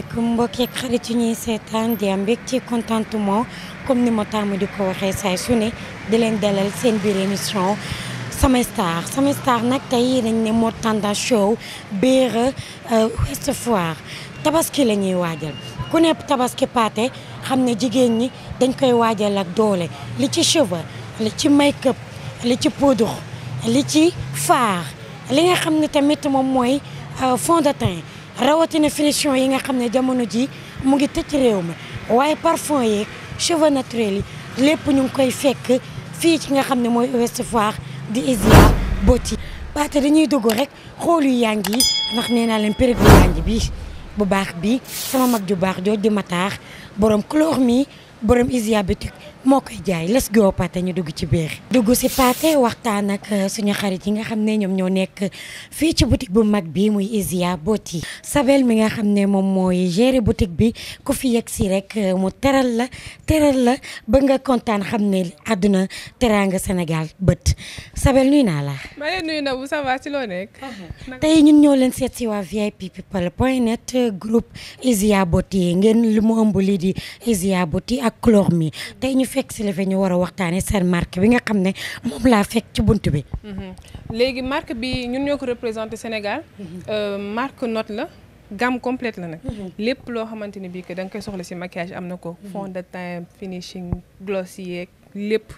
asalaamaaleykum mbokki ak xarit yi ñuy seetaan di am mbég ci contentement comme ni ma taamu di ko waxee saay su ne di leen dalal seen biir émission Sama Star Sama Star nag tey dañ ne moo tendance show biir euh, Ouest Foire tabaski la ñuy waajal ku ne tabaski paate xam ne jigéen ñi dañ koy waajal ak doole li ci cheveux li ci make li ci poudre li ci fard li nga xam ne tamit moom mooy euh, fond de teint rawatina finition yi nga xam ne jamono ji mu ngi tëj réew ma waaye parfum yeeg cheveux naturels yi lépp ñu ngi koy fekk fii ci nga xam ne mooy Ouest Foire di Isia Beauty paate dañuy dugg rek xool yu yang yi ndax nee naa leen période yang bi bu baax bi sama mag ju baax jooju di mataax borom couleur mi borom Isia boutique moo koy jaay let's goo Pathé ñu dugg ci biir. dugg si Pathé waxtaan ak euh, suñu xarit yi nga xam ne ñoom ñoo nekk fii ci boutique bu mag bi muy Isia booti. Sabel mi nga xam ne moom mooy gérer boutique bi ku fi yegg si rek euh, mu teral la teral la ba nga kontaan xam ne àdduna teraanga Sénégal bët Sabel nuyu naa la. maa ngi nuyu na bu ça va si loo ah, ah. tey ñun ñoo leen seet si waa VIP people point net euh, groupe Isia booti ngeen lu mu ëmb lii di Isia booti ak couleur mi tey ñu fekk si la fi ñu war a waxtaanee seen marque bi nga xam ne moom laa fekk ci bunt bi. Mhm. léegi marque bi ñun ñoo ko représenté Sénégal. Mhm. Euh, marque note la. gamme complète la nag. Mhm. lépp loo xamante ni bii que da koy soxla si maquillage am na ko. fond de teint finishing gloss yeeg lépp.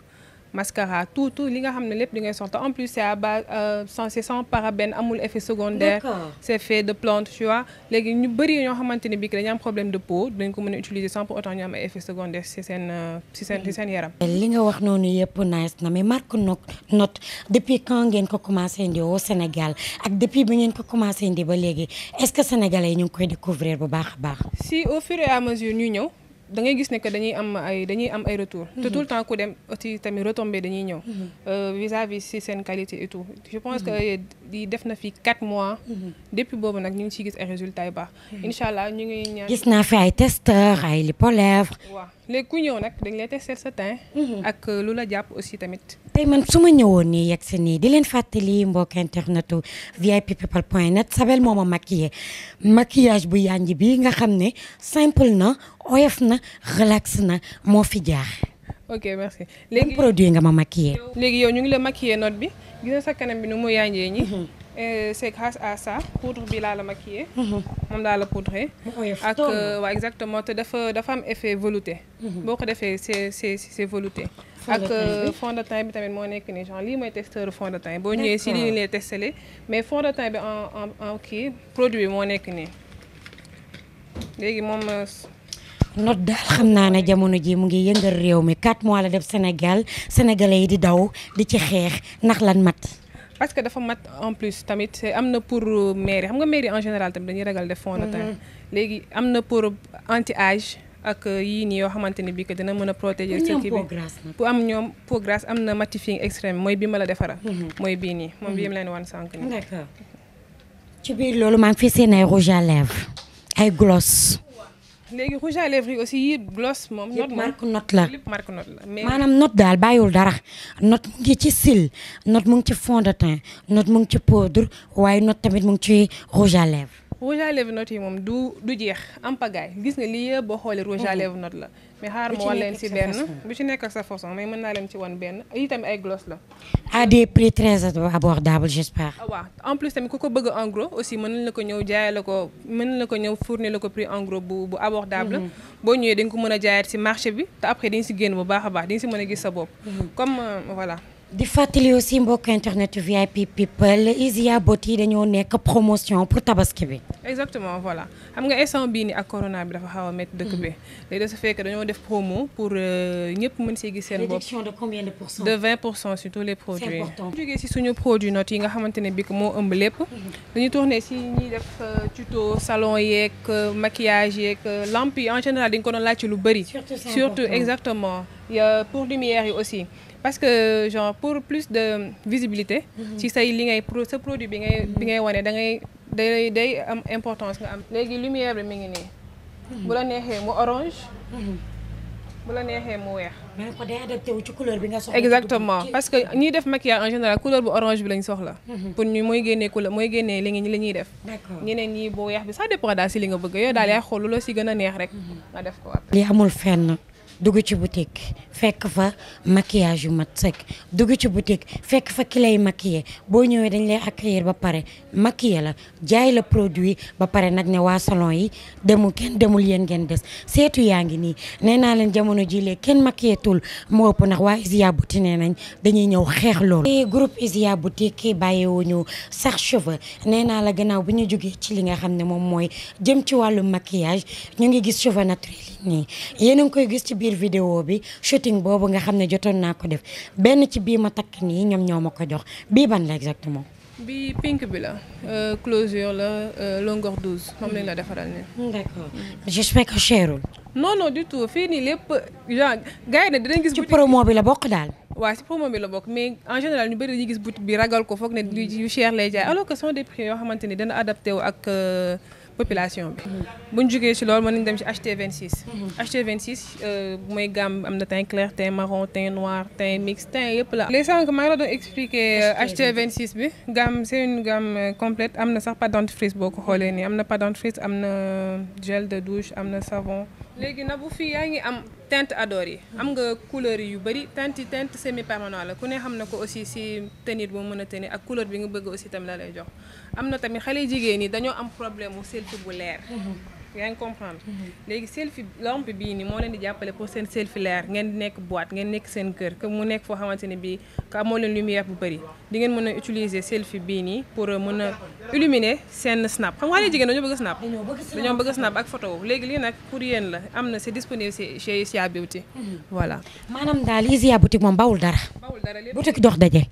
mascara tout tout li nga xam ne lépp di ngay soxla en plus c'est à base euh, c'est sans parabène amul effet secondaire c'est fait de plante tu léegi ñu bëri ñoo xamante ne bii que dañu am problème de peau dañ ko mën a utiliser sans pour autant ñu am ay effet secondaire si seen euh, seen si seen yaram li nga wax noonu yëpp nice na mais marque no note depuis quand ngeen ko commencé indi au Sénégal ak depuis bi ngeen ko commencé indi ba léegi est-ce que sénégalais ñu ngi koy découvrir bu baax a baax si au fur et ñëw da ngay gis ne que dañuy am ay dañuy am ay retour te tout le temps ku dem aussi tamit retombé dañuy ñëw mhm. euh, vis-à-vis si seen qualité et tout je pense que di mhm. def na fi 4 mois mhm. depuis boobu nag ñu ngi ciy gis ay résultats yu baax incha allah ñu ngi ñaar gis naa fi ay testeur ay lipolèvre waaw léegi ku ñëw nag dañ lay tester sa teint ak euh, lu la jàpp aussi tamit tey man su ma ñëwoon nii yegg si nii di leen fàttali mbokk internetu VIP people point net Sabel moo ma maquillé maquillage bu yànj bi nga xam ne simple na oyof na relax na moo fi jaar. ok merci léegi nga ma maquillé. léegi yow ñu ngi la maquillé not bi. gis sa kanam bi nu mu yànjee ñi c'est grâce à ça poudre bi laa la maquillé mhm. moom laa la poudré ak euh, waa exactement te dafa dafa am effet velouté mhm. boo ko defee c'est c'est c'est velouté ak euh, fond de teint bi tamit moo nekk nii genre lii mooy testeur fond de teint boo ñëwee si lii lay testele mais fond de teint bi en en en kii produit bi moo nekk nii léegi moom euh, not daal xam naa ne jamono ji mu ngi yëngal réew mi 4 mois la def Sénégal sénégalais yi di daw di ci xeex ndax lan mat. parce que dafa mat en plus tamit am na pour euh, mairie xam nga mairie en général tamit dañuy ragal def fond de mhm. léegi am na pour anti age ak euh, yii nii yoo xamante ni bii que dina mën a protéger ci kii bi am ñoom peau grasse am na mattifying extrême mooy bi ma la defara mhm. mooy bii nii moom bi mhm. leen wan sànq nii d'accord ci biir loolu maa ngi fi seen ay rouge à lèvres ay gloss léegi rouge à lèvres yi aussi gloss moom. note marque not la lépp marque note la. maanaam note daal bàyyiwul dara note mu ngi ci cils not mu ngi ci fond de teint not mu ngi ci poudre waaye not tamit mu ngi ci rouge à lèvres. rouge à lèvres note yi moom du du jeex en pagaille gis nga lii yëpp boo xoolee. rouge à lèvres not la. mais xaar ma wan leen ci benn bu ci nekk sa façon mais mën naa leen ci wan benn yi tamit ay gloss la. à des prix très abordables j'espère. Ah waaw en plus tamit ku ko bëgg en gros aussi mën na ko ñëw jaay la ko mën na la ko ñëw fournir la ko prix en bu bu abordable. Mhm. boo ñëwee dañ ko mën a jaayaat ci marché bi te après dañ ci génn bu baax a baax dañ ci mën a gis sa bopp. Mhm. comme euh, voilà. di fàttali aussi mbokk internet VIP people Isia bot yi dañoo nekk promotion pour tabaski bi. exactement voilà xam nga instant bii ni ak corona bi dafa xaw a métti dëkk bi. Mm-hmm. léegi de def promo pour euh, ñëpp mën see gis seen bopp. réduction de combien de pour cent. de 20 pour cent sur tous les produits. c'est important bu jógee si suñu produit notes yi nga xamante ne moo ëmb lépp. Mm-hmm. dañuy tourné si ñuy def euh, tuto salon yeeg euh, maquillage yeeg lampe yi en général dañu ko doon laaj lu bëri. surtout exactement pour lumière yi aussi. parce que genre pour plus de visibilité. Mhm. ci say li ngay pro sa produit bi ngay bi ngay wane da ngay day day am importance nga am. léegi lumière bi mi ngi nii. Mhm. bu la neexee mu orange. Mhm. bu la neexee mu weex. mais ko day adapté wu ci couleur bi nga soxla. exactement parce que ñiy def maquillage en général couleur bu orange bi lañ soxla. pour ñu mooy génnee couleur mooy génnee li ñuy li ñuy def. d'accord ñeneen bu weex bi ça dépend daal si li nga bëgg yow daal yaa xool lu si gën a neex rek. nga def ko li amul fenn. dugg ci boutique fekk fa maquillage yu mat sek dugg ci boutique fekk fa ki lay maquiller boo ñëwee dañ lay accueillir ba pare maquiller la jaay la produit ba pare nag ne waa salon yi demul kenn demul yéen ngeen des seetu yaa ngi nii nee naa leen jamono jii lee kenn maquiller tul moo ëpp ndax waa Isia boutique nee nañ dañuy ñëw xeex loolu groupe Isia boutique bàyyiwuñu sax cheveux nee naa la gannaaw bu ñu jógee ci li nga xam ne moom mooy jëm ci wàllu maquillage ñu ngi gis cheveux naturel yi nii yéen ngi koy gis biir vidéo bi shooting boobu nga xam ne jotoon naa ko def benn ci bii ma takk nii ñoom ñoo ma ko jox bii ban la exactement. bi pink bi la euh, closure la euh, longueur 12 moom lañ la defaral nii. d'accord mm. j'espère que cherul. non du tout fii nii lépp genre gars yi ne dinañ gis. ci bi la bokk daal. waaw ci promo la bokk mais en ñu bëri dañuy bi ragal ko foog ne yu cher lay jaay alors que sont des prix yoo xamante ni dana adapté wu ak. Euh, population bi. bu ñu jógee ci loolu mën nañu dem ci HT26. Mhm. HT26 euh, mooy gamme am na teint clair teint marron teint noir teint mixte teint yëpp la. les sànq maa ngi la doon expliquer HT26 euh, bi gamme c' est une gamme euh, complète am na sax pâte dentifrice boo ko xoolee nii am na pâte dentifrice am na gel de douche am na savon. léegi na bu fii yaa ngi am. teinte ador yi am nga couleur yu bëri tent yi teinte semi permanent la ku ne xam na ko aussi si tenir boo mën a tenir ak couleur bi nga bëgg aussi tam la lay jox am na tamit xale jigéen ñi dañoo am problème mu seltu bu leer mhm. yaa ngi comprendre mhm. léegi selfie lampe bii nii moo leen di jàppale pour seen selfie leer ngeen di nekk boîte ngeen nekk seen kër que mu nekk foo xamante ne bii que amoo leen lumière bu bëri di ngeen mën a utiliser selfie bii nii pour euh, mën a illuminer seen snap xam nga xale jigéen dañoo bëgg snap dañoo bëgg snap ak photo léegi lii nag pour yéen la am na c'est disponible chez Isia Beauty mhm. voilà maanaam daal Isia Boutique moom bawul dara bawul dara boutique dox daje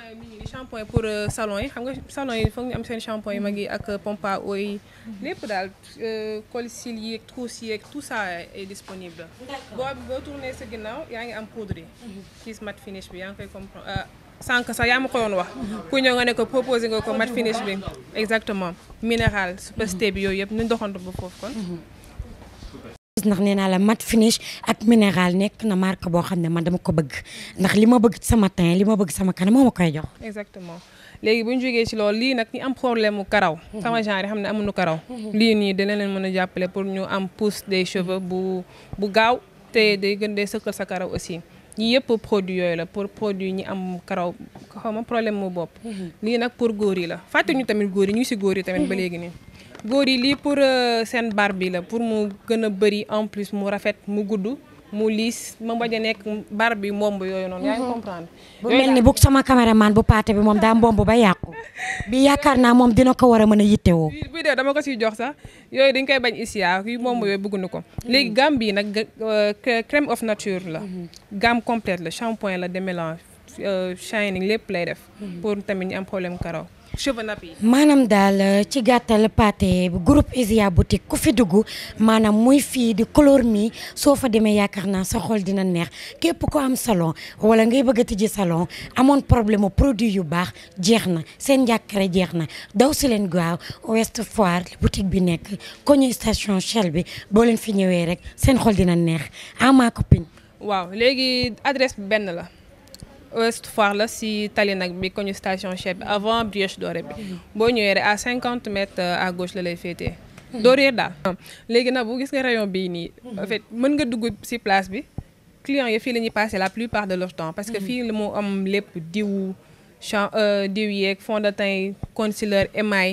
shampoing mi ngi shampoing pour euh, salon yi xam nga salon yi foog ñu am seen shampoing mag yi ak euh, pompa à eau lépp daal euh, colle cils yi ak trousse tout ça est disponible boo boo tourné sa ginnaaw yaa ngi am poudre yi kiis mat finish bi yaa ngi koy comprendre sax yaa ma ko doon wax ku ñëw nga ne ko proposé nga ko mat finish bi exactement minéral supersté bi yooyu yëpp ñu doxantu ba foofu kon ndax nee naa la matt finish ak minéral nekk na marque boo xam ne man dama ko bëgg ndax li ma bëgg sama teint li ma bëgg sama kanam moo ma koy jox. exactement bu ñu jógee ci loolu lii nag ñu am problème mu karaw. sama genre xam ne amuñu karaw. lii nii dina leen mën a jàppale pour ñu am pousse des cheveux bu bu gaaw te day gën dee sëkkal sa karaw aussi. ñi yëpp produit yooyu la pour produit ñi am karaw xaw ma problème mu bopp. Mhm. lii nag pour góor yi la fàtte ñu tamit góor yi ñu si góor yi tamit ba léegi nii. góor yi lii pour euh, seen bar bi la pour mu gën a bëri en plus mu rafet mu gudd mu liis ma bañ a nekk bar bi mbomb yooyu noonu. yaa ngi mhm. comprendre. bu mel ni bu sama caméraman bu paate bi moom daa mbomb ba yàqu. bi yaakaar naa moom dina ko war a mën a yittewoo. bii de dama ko siy jox sax yooyu dañ koy bañ ISIA ah, yu mbomb yooyu bëgguñu ko. Mhm. léegi gamme bii nag euh, crème of nature la. Mhm. gamme complète la shampoing la démélange euh, shining lépp lay def. pour tamit ñu am problème karaw. cheveux nappes yi. maanaam daal euh, ci gàttal pâté groupe Isia boutique ku fi dugg maanaam muy fii di couleur mi soo fa demee yaakaar naa sa xool dina neex képp ko am salon wala ngay bëgg a tijji salon amoon problème mu produit yu baax jeex na seen njàkkare jeex na daw si leen gaaw Ouest Foire boutique bi nekk koñu station Shell bi boo leen fi ñëwee rek seen xol dina neex ama pin waaw léegi adresse benn la. ouest foire la si tali nag bi ko koñu station Shell bi avant brioche dorée bi boo ñëwee rek à cinquante mètres euh, à gauche la lay féetee doo réer daal léegi nag boo gis nga rayon bii nii en fait mën nga dugg si place bi clients yi fii la ñuy passé la plupart de leur temps parce que fii la moo am lépp diwu champ euh, diw yeeg fond de teint concealer émail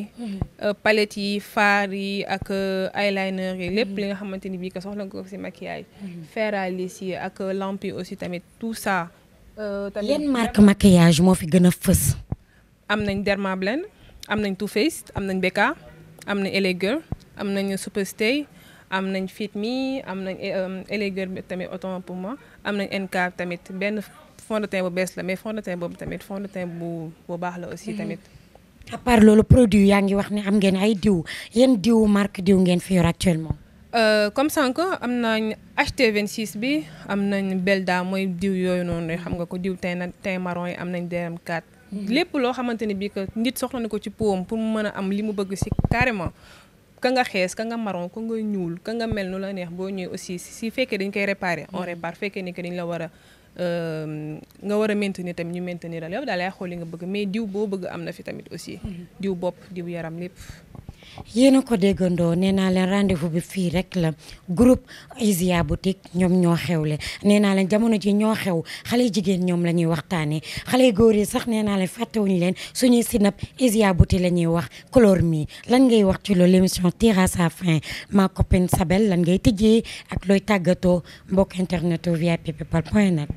euh, palette yi fard yi ak eyeliner yi lépp li nga xamante ni bii ko soxla nga ko si maquillage fer à yi ak lampe yi aussi tamit tout ça Euh, tamit yan marque maquillage moo fi gën a fës. am nañ Dermablend am nañ Too Faced am nañ Becca am na LA Girl am nañ Superstay am nañ Fit mi am nañ euh, LA Girl tamit autant pour moi am nañ NK tamit benn fond de teint bu bees la mais fond de teint boobu tamit fond de teint bu bu baax la aussi hmm. tamit. à part loolu produit yaa ngi wax ne am ngeen ay diw yan diw marque diw ngeen fi yor actuellement. Euh, comme sànq am nañ HT26 bi am nañ Belda mooy diw yooyu noonu xam nga ko diw teint teint marron yi am nañ DRM4. Mm-hmm. lépp loo xamante ni bii que nit soxla na ko ci powam pour mu mën a am li mu bëgg si carrément. ka nga xees ka nga marron ka nga ñuul ka nga mel nu la neex boo ñëwee aussi si fekkee dañ koy réparer on mm-hmm. répare fekkee ni que dañ la war a euh, nga war a maintenir tamit ñu maintenir al yow daal yaay xool li nga bëgg mais diw boo bëgg am na fi tamit aussi mm-hmm. diw bopp diw yaram lépp yéen a ko déggandoo nee naa leen rendez-vous bi fii rek la groupe Isia boutique ñoom ñoo xewle nee naa leen jamono ji ñoo xew xale jigéen ñoom la ñuy waxtaanee xale góor yi sax nee naa leen fàttewuñu leen suñuy sinap Isia boutique la ñuy wax couleur mi lan ngay wax ci loolu émission tire à sa fin ma copine Sabel lan ngay tijjee ak looy tàggatoo mbokk internet VIP people point net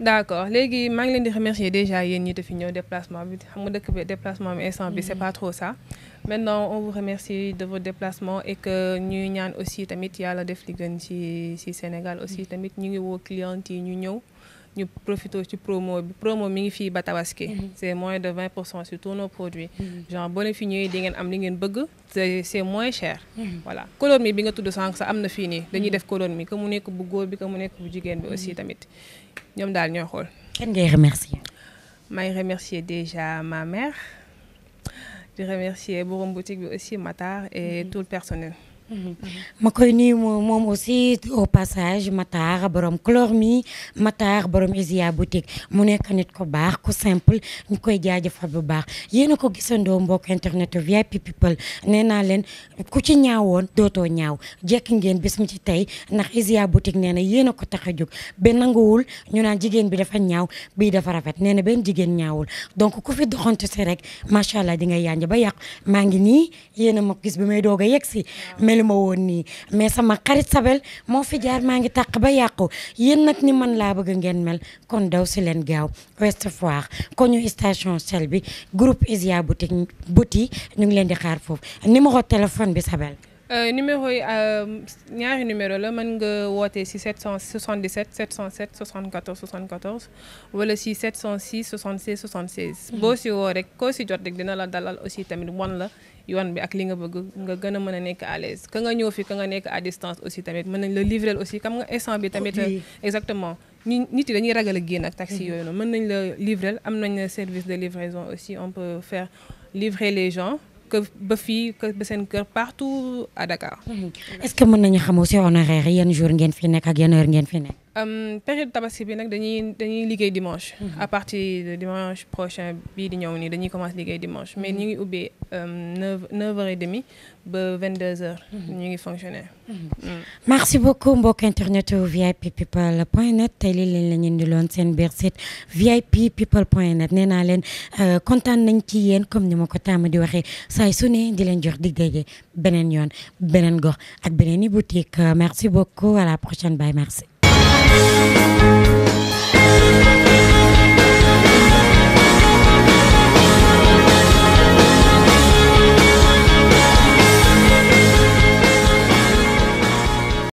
d'accord léegi maa leen di remercier déjà yéen ñi fi ñëw déplacement bi xam nga dëkk bi déplacement bi instant bi c'est mhm. pas trop ça. maintenant on vous remercie de votre déplacement et que ñuy ñaan aussi tamit yàlla def li gën ci ci Sénégal aussi mhm. tamit ñu ngi woo clients yi ñu ñëw. ñu profité ci promo bi promo mi ngi fii ba tabaski mhm. c'est moins de vingt pour cent sur tous nos produits mhm. genre boo fi ñëwee di ngeen am li ngeen bëgg c'est moins cher mhm. voilà colonie bi nga tudd sànq sax am na fii nii dañuy def colonie que mu nekk bu góor bi que mu nekk bu jigéen bi aussi tamit ñoom daal ñoo xool kenn ngay remercier may remercier déjà ma mère di remercier borom boutique bi aussi Matar et tout le personnel ma koy nuyu moom aussi au passage Matar borom Clor mi Matar borom Isia boutique mu nekk nit ko baax ku simple ñu koy jaajëfal bu baax yéen a ko gisandoo mbokk internet VIP people nee naa leen ku ci ñaawoon dootoo ñaaw jekki ngeen bis mu ci tey ndax Isia boutique nee na yéen a ko tax a jóg ba nanguwul ñu naan jigéen bi dafa ñaaw bii dafa rafet nee na benn jigéen ñaawul donc ku fi doxante si rek macha allah di ngay yànj ba yàqu maa ngi nii yéen a ma gis ma woon nii mais sama xarit Sabel moo fi jaar maa ngi tàq ba yàqu yéen nag ni man laa bëgg ngeen mel kon daw si leen gaaw Ouest Foire ko ñu station Shell bi groupe Isia boutique boutique ñu ngi leen di xaar foofu numéro téléphone bi Sabel. Euh, numéro yi euh, ñaari numéro la mën nga woote si 777 707 74 74 wala si 706 76 76. boo si woo rek koo si jot rek dina la dalal aussi tamit wan la. yoon bi ak li nga bëgg nga gën a mën a nekk à ka nga ñëw fii ka nga nekk à distance aussi tamit mën nañ la livrer aussi xam nga instant bi tamit exactement ñu nit yi dañuy ragal a génn ak taxi mhm. yooyu noonu mën nañ la livrer am nañ service de livraison aussi on peut faire livrer les gens que ba fii que ba seen kër partout à Dakar mhm. est-ce que mën nañu xam aussi honoraire yi yan jour ngeen fi nekk ak yan heure ngeen fi nekk Euh, période tabaski bi nag dañuy dañuy liggéey dimanche. Mhm. à partir de dimanche prochain bii di ñëw nii dañuy commencer liggéey dimanche mais mhm. ñu ngi ubbee euh, neuf neuf heures et demie ba vingt deux heures. Mhm. ñu ngi fonctionner. Mm. merci beaucoup mbokk internet VIP people point net tey lii leen la ñu indiloon seen biir site VIP people point net nee naa leen euh, kontaan nañ ci yéen comme ni ma ko tàmm di waxee saay su ne di leen jox dig daje beneen yoon beneen gox ak beneen i boutique merci beaucoup à la prochaine merci. Música